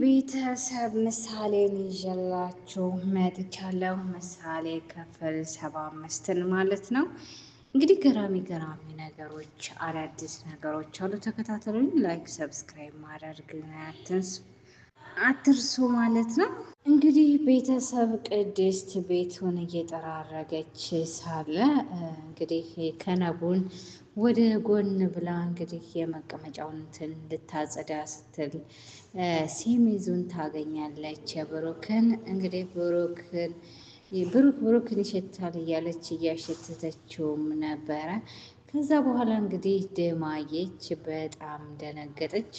ቤተሰብ ምሳሌን ይዤላችሁ መጥቻለሁ። ምሳሌ ክፍል ሰባ አምስትን ማለት ነው። እንግዲህ ገራሚ ገራሚ ነገሮች፣ አዳዲስ ነገሮች አሉ። ተከታተሉኝ። ላይክ፣ ሰብስክራይብ ማድረግ አትንሱ። አትርሱ ማለት ነው። እንግዲህ ቤተሰብ ቅድስት ቤቱን እየጠራረገች ሳለ እንግዲህ ከነቡን ወደ ጎን ብላ እንግዲህ የመቀመጫውን እንትን ልታጸዳ ስትል ሲሚዙን ታገኛለች። ብሩክን እንግዲህ ብሩክን ብሩክ ብሩክን ይሸታል እያለች እያሸተተችውም ነበረ። ከዛ በኋላ እንግዲህ ደማየች፣ በጣም ደነገጠች።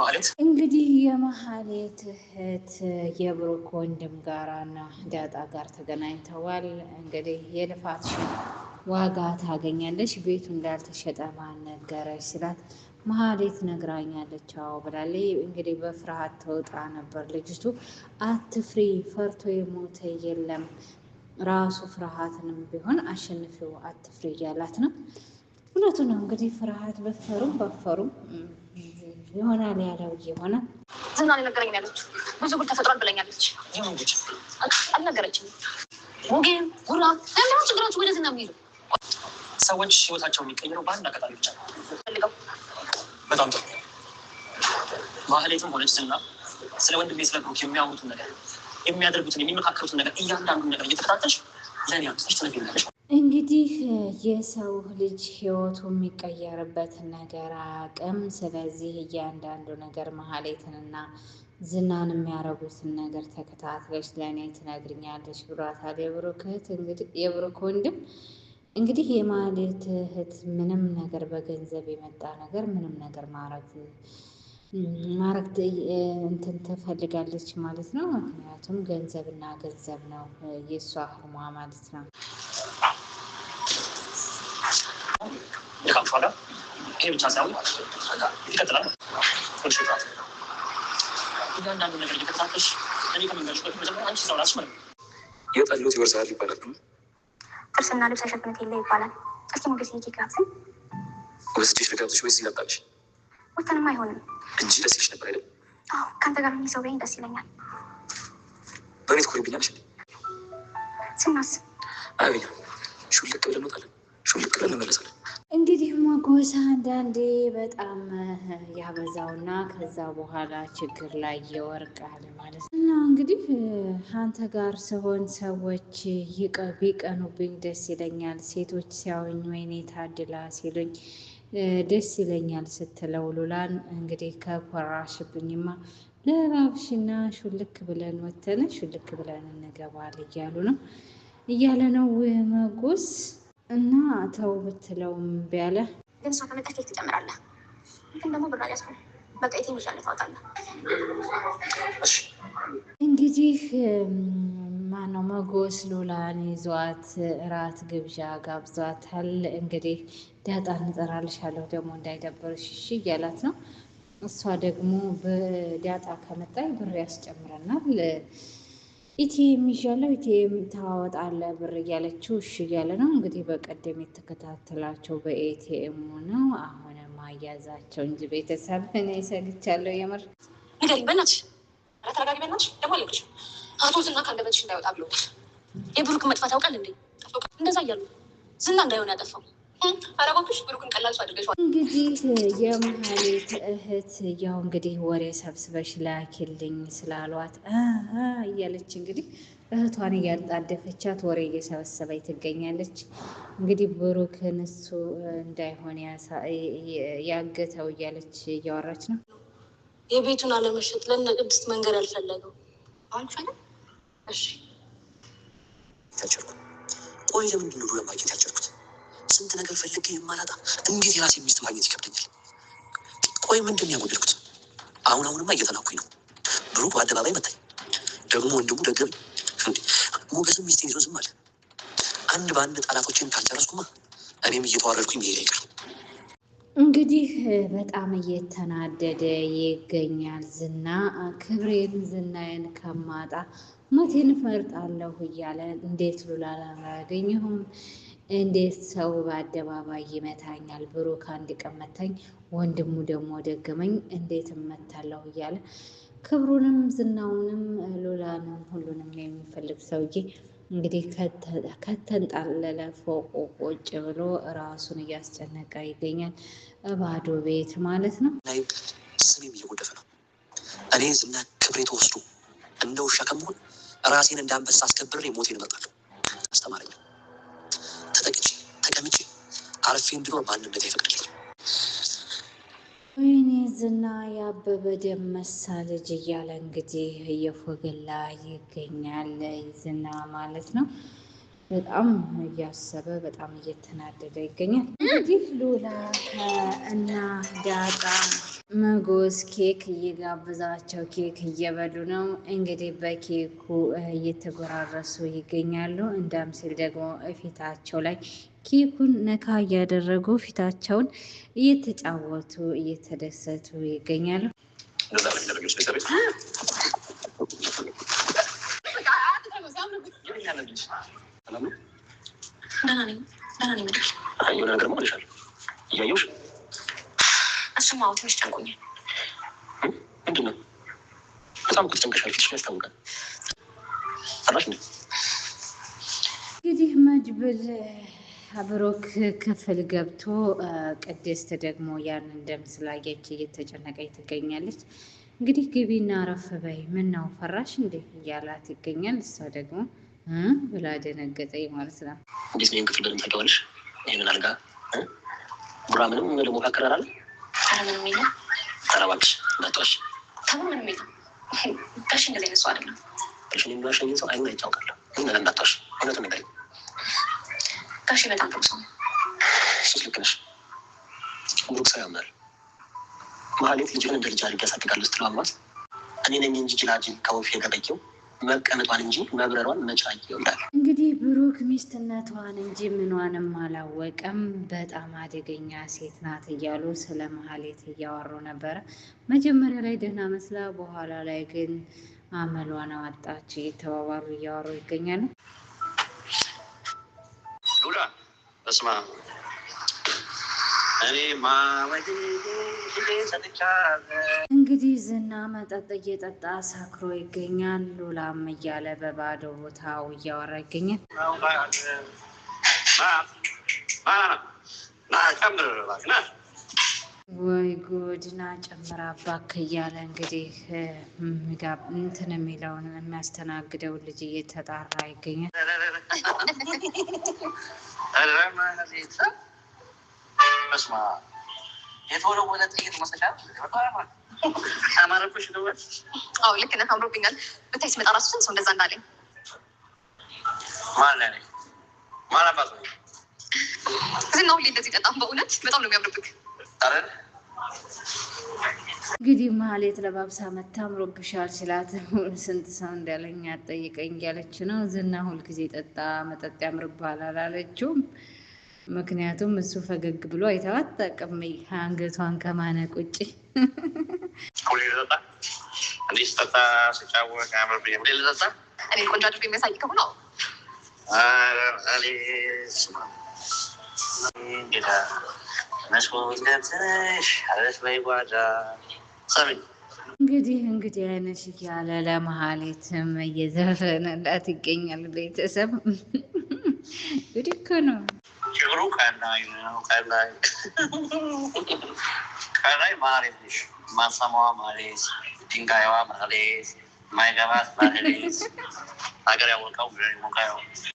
ማለት እንግዲህ የመሀሌት እህት የብሩክ ወንድም ጋራና ዳጣ ጋር ተገናኝተዋል። እንግዲህ የልፋት ዋጋ ታገኛለች፣ ቤቱ እንዳልተሸጠ ማነገረች ስላት መሀሌት ነግራኛለች አዎ ብላለች። እንግዲህ በፍርሃት ተወጣ ነበር ልጅቱ። አትፍሪ፣ ፈርቶ የሞተ የለም ራሱ ፍርሃትንም ቢሆን አሸንፊው፣ አትፍሪ እያላት ነው። ሁለቱ ነው እንግዲህ ፍርሃት በፈሩም በፈሩም ይሆናል ያለው የሆነ ዝናን ነገረኝ ያለች ብዙ ጉድ ተፈጥሯል ብለኛለች። አልነገረችም። ሞጌ ጉራ ለምን ችግራችሁ ወደ ዝና ሚሄዱ ሰዎች ህይወታቸው የሚቀይረው በአንድ አጋጣሚ ብቻ ነው። በጣም ጥሩ ማህሌትም ሆነች ዝና ስለ ወንድሜ ስለ ብሩክ የሚያወሩትን ነገር፣ የሚያደርጉትን፣ የሚመካከሩትን ነገር እያንዳንዱን ነገር እየተከታተልሽ ለእኔ አንስች ትነግሪኛለሽ። እንግዲህ የሰው ልጅ ህይወቱ የሚቀየርበት ነገር አቅም። ስለዚህ እያንዳንዱ ነገር መሀሌትንና ዝናን የሚያደርጉትን ነገር ተከታትለች ለእኔ ትነግርኛለች ብሏታል። የብሩክ እህት እንግዲህ የብሩክ ወንድም እንግዲህ የማሌት እህት ምንም ነገር በገንዘብ የመጣ ነገር ምንም ነገር ማረግ ማረግ እንትን ትፈልጋለች ማለት ነው። ምክንያቱም ገንዘብና ገንዘብ ነው የእሷ ህልሟ ማለት ነው። ከሌሎቹ ዋጋ ይሄ ብቻ ሳይሆን ይቀጥላል። እያንዳንዱ ነገር እየከታተሽ እኔ ከመንገርሽ በፊት መጀመሪያ አንቺ ሰው ራስሽ ማለት ነው የጠሉት ይወርሳል ይባላል። ጥርስና ልብስ ሸፍነት የለ ይባላል። እስኪ ሞገስ ሄጄ ጋብዘኝ። ወስጄሽ ልጋብዝሽ ወይስ ይላጣልሽ? ወተንም አይሆንም እንጂ ደስ ይልሽ ነበር አይደል? አዎ ከአንተ ጋር የሚሰው በይኝ ደስ ይለኛል። በእኔ ትኮሪብኛለሽ። ስናስ አይ ሹልቅ ብለን እንወጣለን፣ ሹልቅ ብለን እንመለሳለን። እንግዲህ መጎሳ አንዳንዴ በጣም ያበዛውና ከዛ በኋላ ችግር ላይ ይወርቃል ማለት ነው። እና እንግዲህ አንተ ጋር ስሆን ሰዎች ቢቀኑብኝ ደስ ይለኛል፣ ሴቶች ሲያዩኝ ወይኔ ታድላ ሲሉኝ ደስ ይለኛል ስትለው ሉላን እንግዲህ ከኮራሽብኝማ ለባብሽና ሹልክ ብለን ወተነ ሹልክ ብለን እንገባል እያሉ ነው እያለ ነው መጎስ እና ተው ብትለው እምቢ አለ። ግን እሷ ከመጣች ኬክ ትጨምራለህ፣ ግን ደግሞ ብር አልያዝኩም። በቃ የት ይሻለ ታወጣለህ። እንግዲህ ማነው መጎስ ሉላን ይዟት እራት ግብዣ ጋብዟታል። እንግዲህ ዳጣን እጠራልሻለሁ ደግሞ እንዳይደበርሽ እሺ እያላት ነው። እሷ ደግሞ በዳጣ ከመጣኝ ብር ያስጨምረናል ኢቲኤም ይዣለሁ ኢቲኤም ታወጣለህ ብር እያለችው እሺ እያለ ነው እንግዲህ። በቀደም የተከታተላቸው በኤቲኤሙ ነው አሁን ማያዛቸው እንጂ ቤተሰብ እኔ ሰግቻለሁ። የምር እንግዲህ በእናትሽ ኧረ ተረጋጊ በእናትሽ። ደግሞ አለቅሽ አቶ ዝና ካንደበትሽ እንዳይወጣ ብሎ የብሩክ መጥፋት ያውቃል እንዴ? እንደዛ እያሉ ዝና እንዳይሆን ያጠፋው እንግዲህ የመሀሌት እህት ያው እንግዲህ ወሬ ሰብስበሽ ላኪልኝ ስላሏት እያለች እንግዲህ እህቷን እያጣደፈቻት ወሬ እየሰበሰበች ትገኛለች። እንግዲህ ብሩክን እሱ እንዳይሆን ያገተው እያለች እያወራች ነው። የቤቱን አለመሸጥ ለእነ ቅድስት መንገድ አልፈለገው አልፈለ ቆይ፣ ለምንድን ነው ማግኘት ያልቻልኩት? ስንት ነገር ፈልጌ የማላጣ እንዴት የራሴ ሚስት ማግኘት ይከብደኛል? ቆይ ምንድን ያጎደልኩት? አሁን አሁንማ እየተላኩኝ ነው። ብሩክ በአደባባይ መታኝ። ደግሞ ወንድሙ ደገብ ሞገስም ሚስት ይዞ ዝም አለ። አንድ በአንድ ጠላቶችን ካልጨረስኩማ እኔም እየተዋረድኩኝ ይሄ አይቀር። እንግዲህ በጣም እየተናደደ ይገኛል ዝና። ክብሬን ዝናዬን ከማጣ መቴን ፈርጣለሁ እያለ እንዴት ሉላ ላላገኘሁም እንዴት ሰው በአደባባይ ይመታኛል? ብሩክ አንድ ቀን መታኝ፣ ወንድሙ ደግሞ ደገመኝ፣ እንዴት እመታለሁ እያለ ክብሩንም ዝናውንም ሉላንም ሁሉንም የሚፈልግ ሰውዬ እንግዲህ ከተንጣለለ ፎቁ ቁጭ ብሎ ራሱን እያስጨነቀ ይገኛል። ባዶ ቤት ማለት ነው። ስሜም እየጎደፈ ነው። እኔ ዝና ክብሬ ተወስዶ እንደ ውሻ ከመሆን ራሴን እንዳንበሳ አስከብር ሞቴን እመርጣለሁ። አስተማረኛል እንደምችል አልፌ እንድሮ ማንነት አይፈቅድልኝ። ወይኔ ዝና ያበበ ደመሳ ልጅ እያለ እንግዲህ እየፎገላ ይገኛል ዝና ማለት ነው። በጣም እያሰበ በጣም እየተናደደ ይገኛል። እንግዲህ ሉላ እና ዳጣ መጎስ ኬክ እየጋበዛቸው ኬክ እየበሉ ነው። እንግዲህ በኬኩ እየተጎራረሱ ይገኛሉ። እንዳም ሲል ደግሞ እፊታቸው ላይ ኬኩን ነካ እያደረጉ ፊታቸውን እየተጫወቱ እየተደሰቱ ይገኛሉ። እሱማ ትንሽ ጨንቆኛል። ምንድን ነው? በጣም ፊትሽ ያስታውቃል። እንግዲህ አብሮክ ክፍል ገብቶ ቅድስት ደግሞ ያንን ደም ስላየች እየተጨነቀች ትገኛለች። እንግዲህ ግቢና አረፍ በይ ምን ነው ፈራሽ እንዴ እያላት ይገኛል። እሷ ደግሞ ብላ ደነገጠኝ ማለት ነው። እንዴት ክፍል በደንብ ታውቂዋለሽ? ይህንን አልጋ ጉራ ምንም ደግሞ ካከራራል ምንም ሚለ ተረባብሽ መጣሽ ተሙ ምንም ሚለ ሽ እንደዚህ ነሱ አይደለም ሽ ሚባሽ ሰው አይኑ አይታወቃለሁ ምን ለምዳታሽ እውነቱ ነገር ጋሼ በጣም ጥሩ ሰው ነው። ልክ ነሽ። ብሩክ ሰው ያምናል። ማህሌት ልጅህን እንደ ልጅ አድርጌ ያሳድጋለሁ ስትለው አምሯት እኔ ነኝ እንጂ ጅላጅል ከወፍ የገበየው መቀመጧን እንጂ መብረሯን መቻ ይወዳል። እንግዲህ ብሩክ ሚስትነቷን እንጂ ምኗንም አላወቀም። በጣም አደገኛ ሴት ናት እያሉ ስለ መሀሌት እያወሩ ነበረ። መጀመሪያ ላይ ደህና መስላ፣ በኋላ ላይ ግን አመሏን አወጣች እየተባባሉ እያወሩ ይገኛሉ። በስማ እንግዲህ ዝና መጠጥ እየጠጣ ሰክሮ ይገኛል። ሉላም እያለ በባዶ ቦታው እያወራ ይገኛል። ጨምር እባክህ ና ወይ ጉድ ና ጨምራ ባክ እያለ እንግዲህ እንትን የሚለውን የሚያስተናግደው ልጅ እየተጣራ ይገኛል። የተወለወለ ጥይት መስለሻል። አማረኩሽ ልክ ነህ። አምሮብኛል። ብታይ ሲመጣ ራሱ ስንት ሰው እንደዛ እንዳለኝ ነው። እንደዚህ ጠጣም በእውነት በጣም ነው የሚያምርብክ እንግዲህ ማህሌት ለባብሳ መታ አምሮብሻል ሲላት ስንት ሰው እንዳለኝ አትጠይቀኝ ያለች ነው። ዝና ሁልጊዜ ጠጣ መጠጥ ያምርብሃል አላለችውም። ምክንያቱም እሱ ፈገግ ብሎ አይተዋት ጠቅም አንገቷን ከማነቅ ውጭ ቆንጆ እንግዲህ እንግዲህ አይነሽ እያለ ለመሀሌትም እየዘፈነላት ይገኛል። ቤተሰብ እንግዲህ እኮ ነው ችግሩ። ነሽ። ማሰማዋ ድንጋይዋ ማይገባት ሀገር ያወቀው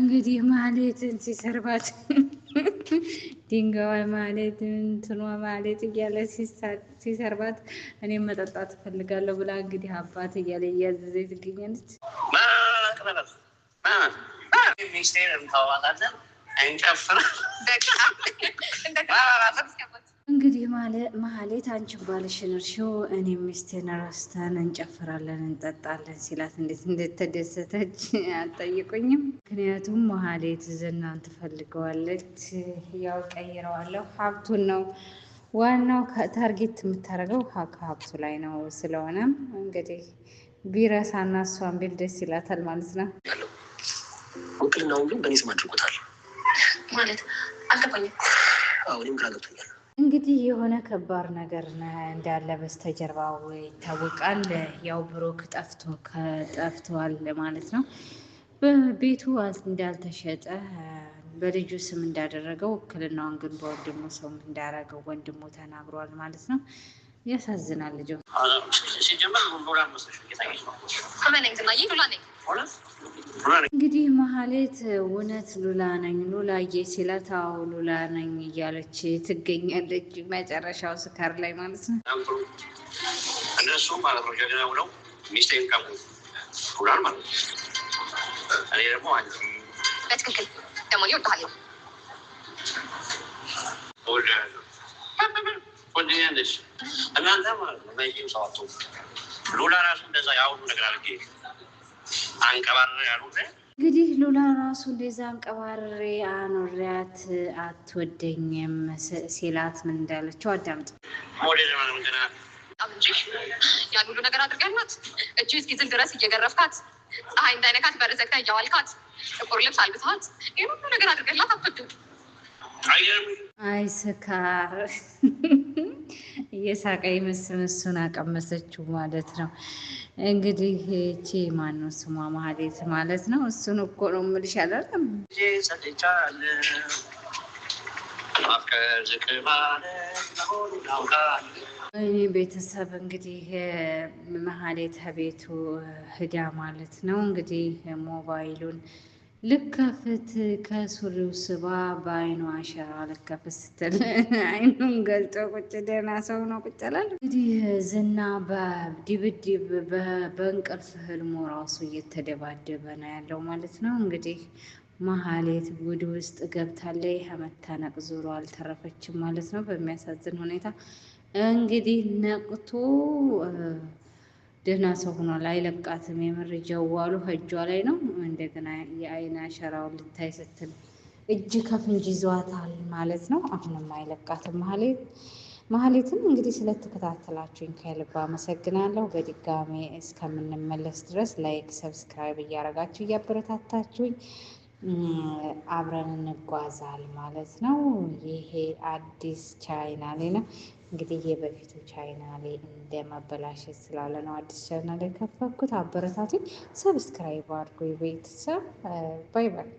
እንግዲህ ማሌትን ሲሰርባት ድንጋዋ ማለት እንትኗ ማለት እያለ ሲሰርባት እኔ መጠጣት እፈልጋለሁ ብላ እንግዲህ አባት እያለ እያዘዘ ትገኛለች። ሚኒስቴር እንተዋዋታለን፣ እንጨፍራለን እንግዲህ መሀሌት አንቺን ባልሽን እርሺው እኔ ሚስቴን ረስተን እንጨፍራለን እንጠጣለን ሲላት እንዴት እንደተደሰተች አልጠይቁኝም። ምክንያቱም መሀሌት ዝናን ትፈልገዋለች። ያው ቀይረዋለሁ፣ ሀብቱን ነው ዋናው። ታርጌት የምታደርገው ከሀብቱ ላይ ነው። ስለሆነ እንግዲህ ቢረሳ ቢረሳና እሷን ቢል ደስ ይላታል ማለት ነው። ውክልና ሁሉ በእኔ ስም አድርጎታል ማለት አልገባኝም። እኔም ግራ ገብቶኛል። እንግዲህ የሆነ ከባድ ነገር እንዳለ በስተጀርባው ይታወቃል። ያው ብሩክ ጠፍቶ ከጠፍተዋል ማለት ነው። በቤቱ እንዳልተሸጠ በልጁ ስም እንዳደረገው ውክልናውን ግን በወንድሙ ሰውም እንዳረገው ወንድሙ ተናግሯል ማለት ነው። ያሳዝናል ልጆ እንግዲህ መሀሌት እውነት ሉላ ነኝ ሉላ እየችለት አዎ ሉላ ነኝ እያለች ትገኛለች። መጨረሻው ስካር ላይ ማለት ነው። እነሱ ማለት ነው ጀግና ነው ሚስቴን ቀሙ ሉላን ማለት ነው። እኔ ደግሞ አንቺ በትክክል ደግሞ ይወድሃል ወድኛለች እናንተ ማለት ነው ሰዋቱ ሉላ ራሱ እንደዛ የአሁኑ ነገር አድርጌ አንቀባረር ያሉት እንግዲህ ሉላ ራሱ እንደዛ አንቀባሬ አኖሪያት አትወደኝም ሲላት ምን እንዳለችው አዳምጥ። ያሉሉ ሁሉ ነገር አድርገናት እቺ እስኪዝል ድረስ እየገረፍካት ፀሐይ እንዳይነካት በርዘግታ እያዋልካት ጥቁር ልብስ አልብሰዋት ይህ ሁሉ ነገር አድርገላት አትወድም። አይ ስካር እየሳቀ ይመስል እሱን አቀመሰችው ማለት ነው። እንግዲህ ይቺ ማነው ስሟ ማህሌት ማለት ነው። እሱን እኮ ነው የምልሽ አላለም። እኔ ቤተሰብ እንግዲህ መሀሌ ተቤቱ ህዳ ማለት ነው እንግዲህ ሞባይሉን ልከፍት ከሱሪው ስባ በአይኑ አሸራ ልከፍት ስትል አይኑን ገልጦ ቁጭ ደህና ሰው ነው ቁጭ አላል። እንግዲህ ዝና በድብድብ በእንቅልፍ ህልሙ ራሱ እየተደባደበ ነው ያለው ማለት ነው። እንግዲህ መሀሌት ጉድ ውስጥ ገብታለች። ከመታነቅ ዞሮ አልተረፈችም ማለት ነው በሚያሳዝን ሁኔታ እንግዲህ ነቅቶ ደህና ሰው ሆኗል። አይለቃትም። የመረጃው ዋሉ እጇ ላይ ነው። እንደገና የአይን አሸራውን ልታይ ስትል እጅ ከፍንጅ ይዟታል ማለት ነው። አሁንም አይለቃትም። ማህሌት ማህሌትም እንግዲህ ስለተከታተላችሁኝ ከልብ አመሰግናለሁ። በድጋሜ እስከምንመለስ ድረስ ላይክ፣ ሰብስክራይብ እያደረጋችሁ እያበረታታችሁኝ አብረን እንጓዛል ማለት ነው። ይሄ አዲስ ቻይናሌ ነው። እንግዲህ የበፊቱ ቻይና ላይ ማበላሸት ስላለ ነው አዲስ ቻይና ላይ ከፈኩት። አበረታቱኝ፣ ሰብስክራይብ አድርጉ ቤተሰብ። ባይ ባይ።